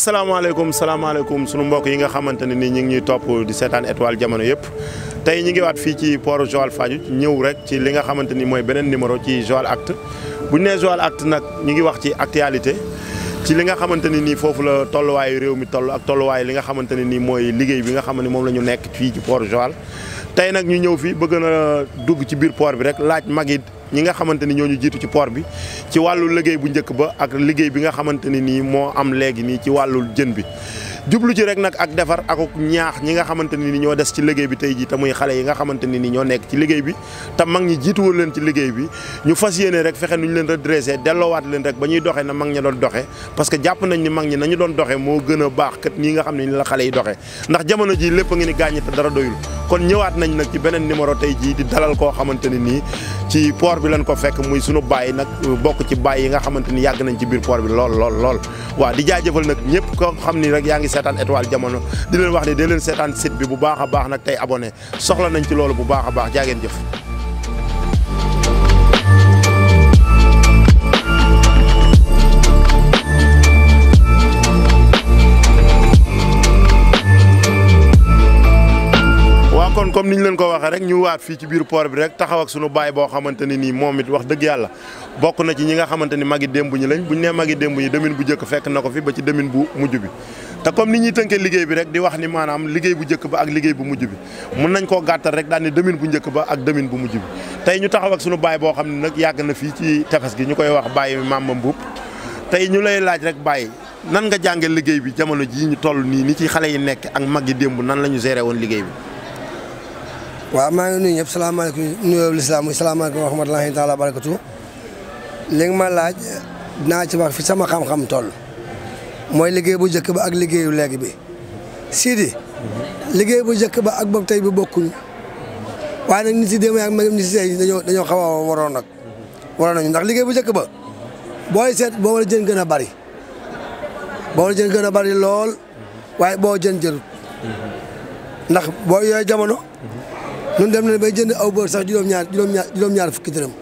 salaamaaleykum salaamaaleykum sunu mbokk yi nga xamante ne ni ñu ngi ñuy topp di seetaan étoile jamono yëpp tey ñu ngi waat fii ci port Joal Fadiouth ñëw rek ci li nga xamante ni mooy beneen numéro ci Joal Actu bu ñu nee Joal Actu nag ñu ngi wax ci actualité ci li nga xamante ni nii foofu la tolluwaayu réew mi toll ak tolluwaayu li nga xamante ne nii mooy liggéey bi nga xam ne moom la ñu nekk fii ci port Joal tey nag ñu ñëw fii bëgg na dugg ci biir por bi rek laaj mag yi ñi nga xamante ni ñoo ñu jiitu ci port bi ci wàllu liggéey bu njëkk ba ak liggéey bi nga xamante ni nii moo am léegi nii ci wàllu jën bi jublu ci rek nak ak defar ak ñaax ñi nga xamanteni ni ñoo dess ci liggéey bi tay ji ta muy xalé yi nga xamanteni ni ñoo nekk ci liggéey bi tamang mag ñi jitu wul leen ci liggéey bi ñu fasiyene rek fexé ñu leen redresser delo wat leen rek bañuy doxé na mag ñi doon doxé parce que japp nañ ni mag ñi nañu doon doxé mo gëna baax kat ñi nga xamni la xalé yi doxé ndax jamono ji lepp ngi ni gañi ta dara doyul kon ñëwaat nañ nak ci benen numéro tay ji di dalal ko xamanteni ni ci port bi lañ ko fekk muy suñu baye nak bok ci baye yi nga xamanteni yag nañ ci bir port bi lol lol lol wa di jaajeufal nak ñepp ko xamni rek yaangi seetaan étoile jamono di leen wax ne di leen seetaan site bi bu baax a baax nag tey abone soxla nañ ci loolu bu baax a baax jaa ngeen jëf. kon comme ni ñu leen ko waxee rek ñu waat fii ci biir port bi rek taxaw ak sunu baay boo xamante ne nii moom it wax dëgg yàlla bokk na ci ñi nga xamante ni magi démb ñi lañ bu ñu nee magi démb ñi demin bu njëkk fekk na ko fii ba ci demin bu mujj bi. te comme nit ñi tënkee liggéey bi rek di wax ni maanaam liggéey bu jëk ba ak liggéey bu mujj bi nañ ko gattal rek dal ni demin bu jëk ba ak demin bu mujj bi tey ñu taxaw ak suñu baay bo xamni nak yag na fi ci tefes gi ñukoy wax wax mi mam mbub tay ñu lay laaj rek bàyyi nan nga jàngé liggéey bi jamono ji ñu toll ni ni ci xalé yi nekk ak maggi demb nan la géré won liggéey bi waaw maa ngi nuyu ñëpp salaamaaleykum nuyoo lislaam muy salaamaaleykum wa rahmatullahi taala barakatu leng ma laaj dinaa ci wax fi sama xam-xam toll mooy liggéey bu njëkk ba ak liggéeyu léegi bi Sidi liggéey bu njëkk ba ak boobu tey bi bokkuñu waaye na nit si démb ak magam nit yi tey dañoo dañoo xaw a waroon nag waroon nañu ndax liggéey bu njëkk ba booy seet boo war a jën gën a bari boo war jën gën a bari lool waaye boo jën jërut ndax boo yooyu jamono ñun dem nañ bay jënd aw bër sax juróom-ñaar juróom-ñaar juróom-ñaar fukki dërëm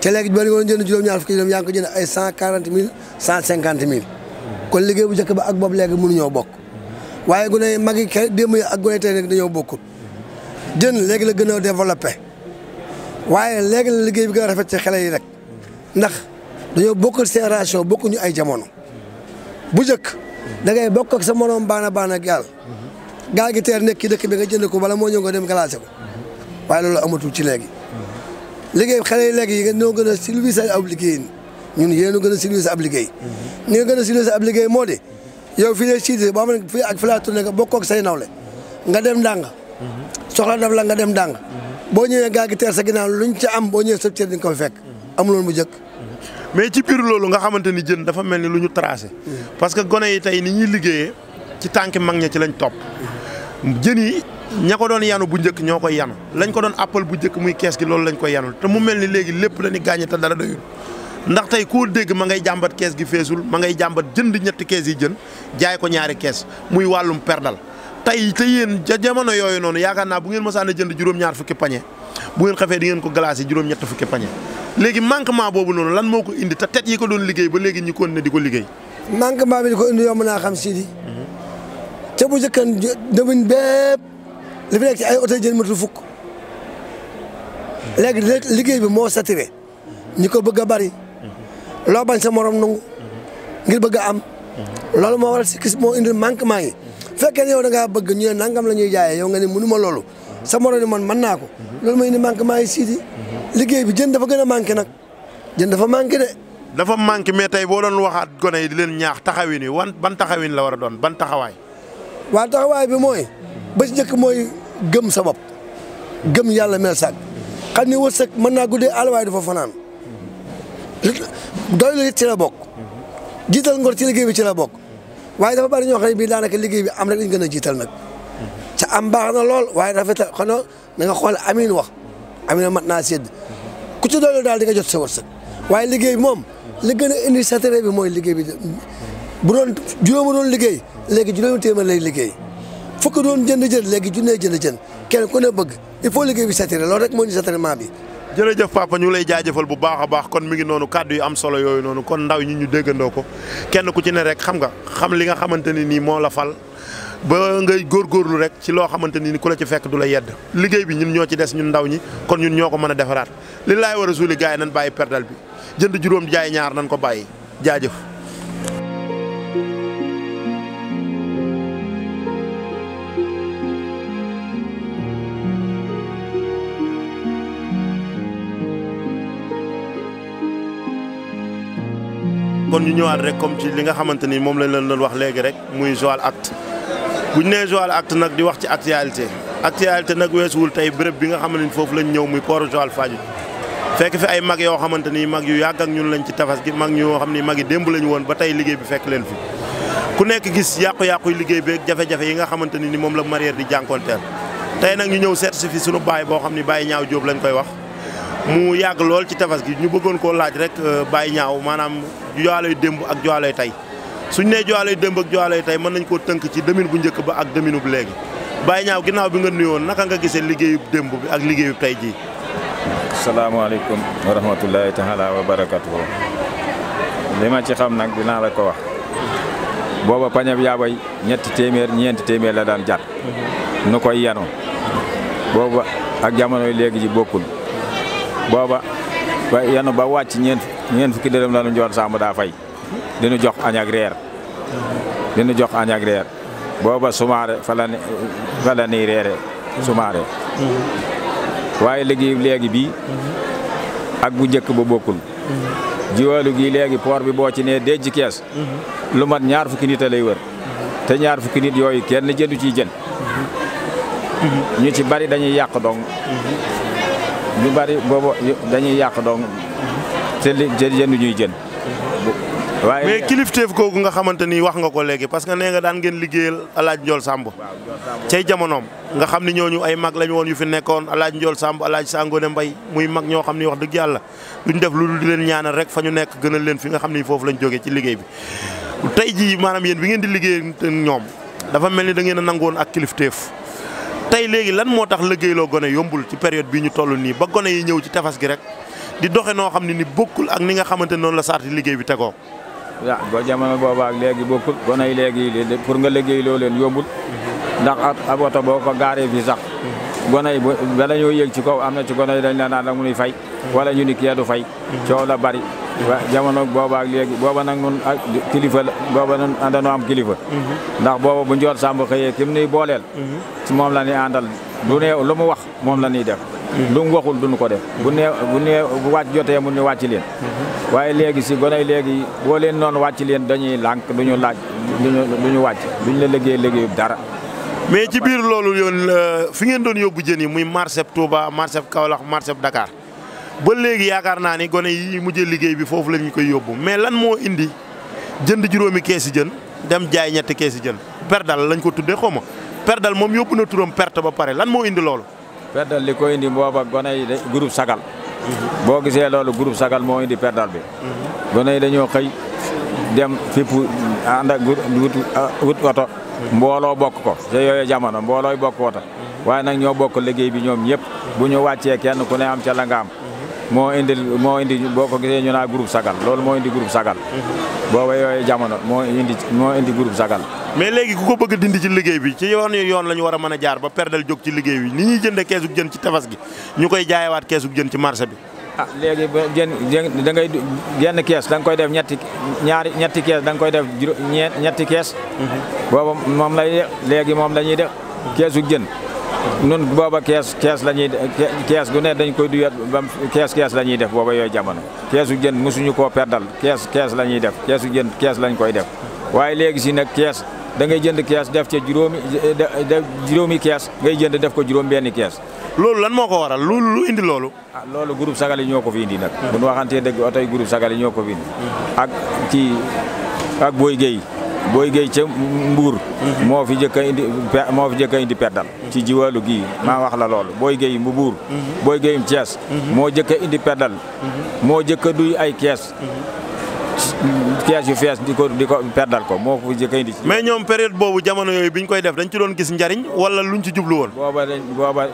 te léegi bari nga jënd juróom-ñaar fukki dërëm yaa ngi ko ay cent quarante mille cent cinquante mille kon liggéey bu njëkk ba ak boobu léegi mënuñoo bokk waaye gune mag i kay démb yi ak gune tey nag dañoo bokkut jën léegi la gën a développé waaye léegi la liggéey bi gën a rafet ci xale yi rek ndax dañoo bokkul génération bokkuñu ay jamono bu njëkk da bokk ak sa moroom baana baana ak yàlla gaal gi teer nekk ci dëkk bi nga jënd ko bala moo ñëw nga dem galaase ko waaye loolu amatul ci léegi liggéey xale yi léegi yi nga ñoo gën a civilisé aw liggéeyin ñun yéen gëna gën a ab liggéey ni nga gën a civilisé ab liggéey moo di yow fi lay ci ba xam fi ak fi laa tourné nga bokkoog say nawlé nga dem dang mhm. soxla dafa la nga dem dang mhm. bo ñëwé gaag gi sa ginnaaw luñ ci am bo ñëw sa cër di ko fekk mhm. amuloon mu jëk mais ci biir loolu nga xamanteni ni dafa melni luñu lu tracé parce que gone yi tay ni ñi liggéey ci tanki mag ña ci lañ top jeun yi ña ko doon yanu bu ñëk ñoo koy yanu lañ ko doon appel bu njëkk muy caisse gi loolu lañ koy yanul te mu melni ni lepp lañu la ta dara doyul ndax tey koo dégg ma ngay jàmbat kees gi feesul ma ngay jàmbat jënd ñetti kees yi jën jaay ko ñaari kees muy wàllum perdal tey te yéen ja jamono yooyu noonu yaakaar naa bu ngeen mosaan a jënd juróom-ñaar fukki pañe bu ngeen xafee di ngeen ko glacé juróom-ñett fukki pañe léegi manquement boobu noonu lan moo ko indi te tet yi ko doon liggéey ba léegi ñi ko ne di ko liggéey. manquement bi di ko indi yomb naa xam si di. Mhm. bu jëkka demuñ bépp li fi nekk ay oto jën matul fukk mhm. léegi liggéey bi moo saturé ñi ko bëgg a bari loo bañ sa morom nangu ngir bëgg am loolu moo waral si moo indi manquement yi fekkee ne yow da ngaa bëgg ñu nangam la ñuy jaayee yow nga ne mënu ma loolu sa morom moon man mën naa ko loolu mooy indi manquement yi siidi liggéey bi jën dafa gën a manqué nag jën dafa manqué de. dafa manqué mais tey boo doon waxaat gone yi di leen ñaax taxawin yi wan ban taxawin la war doon ban taxawaay. waaw taxawaay bi mooy ba ci njëkk mooy gëm sa bopp gëm yàlla mel sàkk xam ni wërsëg mën naa guddee alwaay dafa fanaan doylu it ci la bokk jiital ngor ci liggéey bi ci la bokk waaye dafa bari ñoo xam ne bii daanaka liggéey bi am rek lañ gën a jiital nag ca am baax na lool waaye rafetal xanaa na nga xool amin wax amin mat naa sédd ku ci doylu daal di nga jot sa waaye liggéey bi moom li gën a indi satare bi mooy liggéey bi bu doon juróomi doon liggéey léegi juróomi téeméer lay liggéey fukk doon jënd jën léegi junne jënd jën kenn ku ne bëgg il faut liggéey bi satare loolu rek moo indi satarement bi jërëjëf papa ñu lay jaajëfal bu baax a baax kon mi ngi noonu kàddu yu am solo yooyu noonu kon ndaw ñi ñu déggandoo ko kenn ku ci ne rek xam nga xam li nga xamante ni nii moo la fal ba ngay góor góorgóorlu rek ci loo xamante ni ku la ci fekk du la yedd liggéey bi ñun ñoo ci des ñun ndaw ñi kon ñun ñoo ko mën a defaraat li laay war a suuli gars nañ bàyyi perdal bi jënd juróom jaay ñaar nañ ko bàyyi jaajaf kon ñu ñëwaat rek comme ci li nga xamante ni moom lañ leen doon wax léegi rek muy Joal Actu bu ñu nee Joal di wax ci actualité actualité nag weesuwul tey béréb bi nga xam ne foofu lañ ñëw muy port Joal Fadiouth fekk fi ay mag yoo xamante ni mag yu yàgg ak ñun lañ ci tafas gi mag ñoo xam ni mag yi démb lañu woon ba tey liggéey bi fekk leen ku nekk gis yàqu-yàqu yu liggéey bi ak jafe yi nga xamante ni moom la mareyeur di jànkonteel tey nag ñu ñëw certifié suñu baay boo xam ni baay Ñaaw Jóob lañ koy wax mu yàgg lool ci tefes gi ñu bëggoon koo laaj rek euh, bàyyi ñaaw maanaam jowaale démb ak jowaale tey suñ ne jowaale dëmb ak jowaale tey mën nañ koo tënk ci demin bu njëkk ba ak demin bu léegi bàyyi ñaaw ginnaaw bi nga nuyoon naka nga gisee liggéeyub démb bi ak liggéeyub tey jii. salaamaaleykum wa rahmatullahi taala wa barakatuhu li ma ci xam nag dinaa la ko wax booba pañab yaabay ñetti téeméer ñeenti téeméer la daan jar nu koy yanu booba ak jamono léegi ji bokkul boba ba yanu ba wacc ñeent ñeent fukki dërëm la ñu joon sàmm da fay dinu jox añak reer dinu jox añak reer boba sumaare fala la fa la reere sumaare waaye liggéey ak bu jekk ba bokul jiwalu gi legi por bi bo ci ne dejj kess lu mat ñaar fukki nit lay wër te ñaar fukki nit yoy kenn jëndu ci jën ñu ci bari dañuy yaq dong ñu bari boobu dañuy yàq dong te li jënduñuy jën. waaye mais kilifteef nga xamante ni wax nga ko léegi parce que nee nga daan ngeen liggéeyal alaaj Njool Samb cay jamonoom nga xam ni ñooñu ay mag lañu woon yu fi nekkoon alaaj Njool Samb alaaj Sangone bay muy mag ñoo xam ni wax dëgg yàlla duñ def lu dul di leen ñaanal rek fa ñu nekk gënal leen fi nga xam ni foofu lañ jógee ci liggéey bi tey jii maanaam yéen bi ngeen di liggéey ñoom dafa mel ni da ngeen a nangoon ak kilifteef tey léegi lan moo tax liggéeyloo gone yombul ci période bii ñu toll nii ba gone yi ñëw ci tefes gi rek di doxe noo xam ne ni bokkul ak ni xamante ne noonu la sarti liggéey bi tegoo. waaw boo jamono boobaa léegi bokkul gone yi léegi pour nga liggéeyloo leen yombul. ndax a oto boo ko gaaree fii sax. gone yi ba dañoo yëg ci kaw am na ci gone yi dañ la naan la muy fay. Mm-hmm. wala ñu ni kii du fay. Mm-hmm. coow la bari. jamono ak legui boba nak nun kilifa boba nun andano am kilifa mhm. ndax boba bu njoot sàmb xeye kim ni bolel mhm. ci mom la ni andal du neew lu mu wax mom la ni def mhm. lu mu waxul duñu ko def bu neew bu neew bu wacc jotee mu ni wacc leen waye legui ci gonay legui bo leen non wacc leen dañuy lànk duñu laaj duñu wacc wàcc la legge liggéeyub dara mais ci bir loolu yon euh, fi ngeen doon yobu jeeni muy marché Touba marché Kaolack marché Dakar ba léegi yaakaar naa ni gone yi mujjee liggéey bi foofu la ñu koy yóbbu mais lan moo indi jënd juróomi keesi jën dem jaay ñetti keesi jën perdal lañ ko tuddee xaw ma perdal moom yóbbu na turam perte ba pare lan moo indi loolu. perdal li ko indi booba gone yi de groupe sagal. boo gisee loolu groupe sagal moo indi perdal bi. gone yi dañoo xëy dem fépp ànd ak wut oto. mbooloo bokk ko te yooyu jamono mboolooy bokk oto. waaye nag ñoo bokk liggéey bi ñoom ñëpp bu ñu wàccee kenn ku ne am ca la am. moo indil moo indi boo ko gisee ñu naa groupe sagal loolu moo indi groupe sagal mhm. booba yooyu jamono moo indi moo indi groupe sagal mais léegi ku ko bëgg dindi ci liggéey bi ci yoon yoon la ñu war a mën a jaar ba perdal jóg ci liggéey bi ni ñuy jënde keesug jën ci tefas gi ñu koy jaaye jaayewaat keesug jën ci marché bi a ah, léegi ba jën da ngay genn kees da nga koy def ñetti ñaari ñetti kees da nga koy def juróom ñeenti ñetti kees mhm. booba moom lay léegi moom la ñuy def keesug jën nun booba kees kees la ñuy kees gu ne dañ koy duyat ba kees kees la ñuy def booba yooyu jamono keesu jën mosuñu koo perdal kees kees la ñuy def keesu jën kees lañ koy def waaye léegi si nak kees da ngay jënd kees def ca juróomi juróomi kees ngay jënd def ko juróom benni kees loolu lan moo ko waral loolu lu indi loolu ah, loolu groupe sagal yi ñoo ko fi indi nag bu ñu waxantee dëgg oto yi groupe sagal ñoo ko fi indi ak ci Boy Gueye ci Mbour mo fi jëk indi mo fi jëk indi perdal ci jiwalu gi ma wax la lool Boy Gueye bu Mbour Boy Gueye Thiès moo jëkk a indi perdal mo jëk a duy ay kees kees yu fees diko ko di ko perdal ko moo ko jëkk a indi mais ñom période bobu jamono yoy biñ koy def dañ ci doon gis ndariñ wala luñ ci jublu won boba dañ boba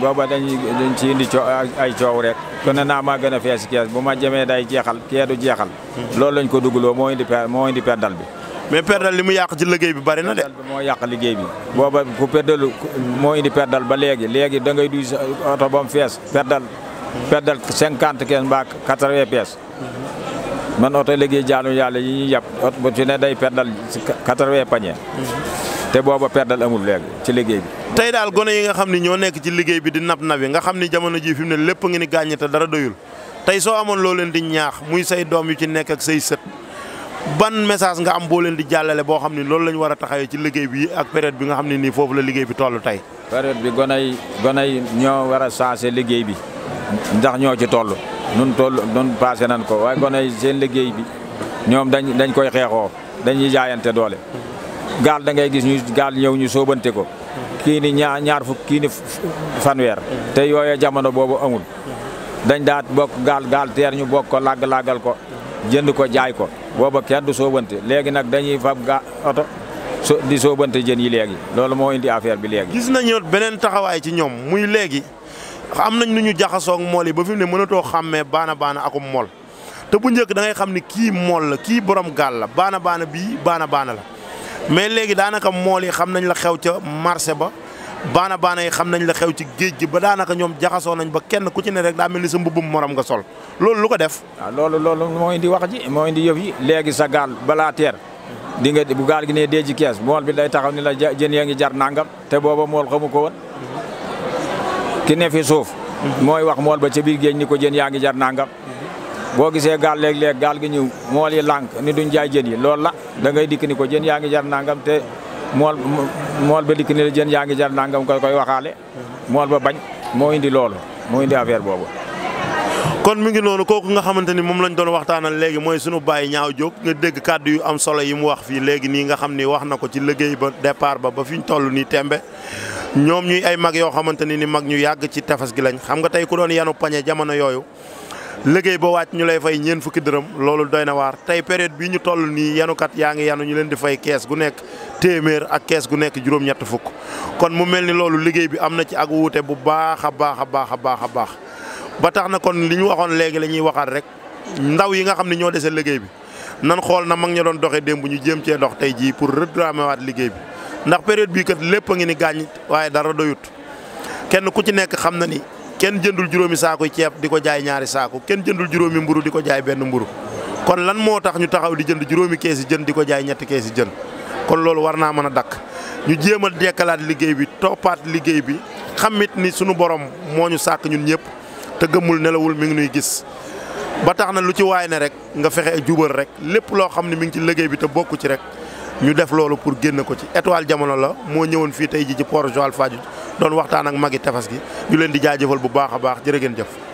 boba dañ dañ ci indi ay ciow rek kon na maa gën a fees kees bu ma jëme day jéxal kédu jéxal jeexal hmm. loolu lañ ko dugaloo mo indi mo indi perdal bi mais perdal li mu yàq ci liggéey bi bari na de. moo yàq liggéey bi booba ku perdalu moo indi perdal ba léegi léegi da ngay duy oto ba mu fees perdal perdal cinquante quinze mbaa quatre vingt pièces man oto liggéey jaanu yàlla yi ñuy yàpp oto bu ci ne day perdal quatre vingt panier te booba perdal amul léegi ci liggéey bi. tey daal gone yi nga xam ni ñoo nekk ci liggéey bi di nap nabi nga xam ni jamono jii fi mu ne lépp nga ni gàññi te dara doyul tey soo amoon loo leen di ñaax muy say doom yu ci nekk ak say sët. ban message nga am boo leen di jàllale boo xam ne loolu la ñu war a taxawee ci liggéey bi ak période bi nga xam ne nii foofu la liggéey bi toll tey. période bi gonay gonay ñoo war a changé liggéey bi ndax ñoo ci toll nun toll nun passé nañ ko waaye gonay seen liggéey bi ñoom dañ dañ koy xeexoo dañuy jaayante doole. gaal da ngay gis ñu gaal ñëw ñu sóobante ko. kii ni ñaar ñaar fukk kii fanweer. te yooya jamono boobu amul. dañ daat bokk gaal gaal teer ñu bokk ko làgg làggal ko. jënd ko jaay ko booba kenn du soobante léegi nag dañuy fab ga oto so di soobante jën yi léegi loolu moo indi affaire bi léegi. gis nañu beneen taxawaay ci ñoom muy léegi am nañ nu ñu jaxasoo ak yi ba fi mu ne mënatoo xàmmee baana baana ako mool te bu njëkk da ngay xam ni kii mool la kii borom gaal la baana baana bii baana baana la mais léegi daanaka mool yi xam nañ la xew ca marché ba. baana baana yi xam nañ la xew ci géej gi ba daanaka ñoom jaxasoo nañ ba kenn ku ci ne rek daa mel ni sa mbubbum morom nga sol loolu lu ko def. waaw ah, loolu loolu moo indi wax ji moo ndi yëf yi léegi sa gaal balaa teer di nga bu gaal gi ne dee ci kees mool bi day taxaw ni la jën yaa ngi jar nangam te booba mool xamu ko woon ki ne suuf. mooy wax mool ba ca biir géej ni ko jën yaa ngi jar nangam. boo gisee gaal léeg-léeg gaal gi ñëw mool yi lànk ni duñ jaay jën yi loolu la da ngay dikk ko jën yaa ngi jar nangam te. mool mool ba dikk ni la jën yaa ngi jar nangam nga koy waxaale. mool ba bañ moo indi loolu moo indi affaire boobu. kon mu ngi noonu kooku nga xamante ni moom lañ doon waxtaanal léegi mooy sunu bàyyi ñaaw jóg nga dégg kàddu yu am solo yi mu wax fii léegi nii nga xam ni wax na ko ci liggéey ba départ ba ba fi ñu toll nii tembe ñoom ñu ay mag yoo xamante ni ni mag ñu yàgg ci tefes gi lañ xam nga tey ku doon yanu pañe jamono yooyu liggéey ba wàcc ñu lay fay ñeen fukki dërëm loolu doy na waar période bii ñu toll nii yanukat yaa ngi yanu ñu leen di fay kees gu nekk téeméer ak kees gu nekk juróom-ñett fukk kon mu mel ni loolu liggéey bi am na ci ak wuute bu baax a baax a baax a baax a baax ba tax na kon li ñu waxoon léegi la ñuy waxaat rek ndaw yi nga xam ne ñoo dese liggéey bi nan xool na mag ña doon dem bu ñu jéem cee dox tey jii pour redramer waat liggéey bi ndax période bii kat lépp a ngi ni gaañ waaye dara doyut kenn ku ci nekk xam na ni kenn jëndul juróomi saaku ceeb di ko jaay ñaari saaku kenn jëndul juróomi mburu di ko jaay benn mburu kon lan moo tax ñu taxaw di jënd juróomi keesi jën di ko jaay ñetti keesi jën kon loolu war naa mën a dakk ñu jéem a dekkalaat liggéey bi toppaat liggéey bi xamit ni sunu borom moo ñu sàkk ñun ñëpp te gëmmul nelawul mi ngi nuy gis ba tax na lu ci waay ne rek nga fexe jubal rek lépp loo xam ne mi ngi ci liggéey bi te bokku ci rek ñu def loolu pour génn ko ci étoile jamono la moo ñëwoon fii tey ji ci port Joal Fadiouth doon waxtaan ak magi tefas gi ñu leen di jaajëfal bu baax a baax jërë ngeen jëf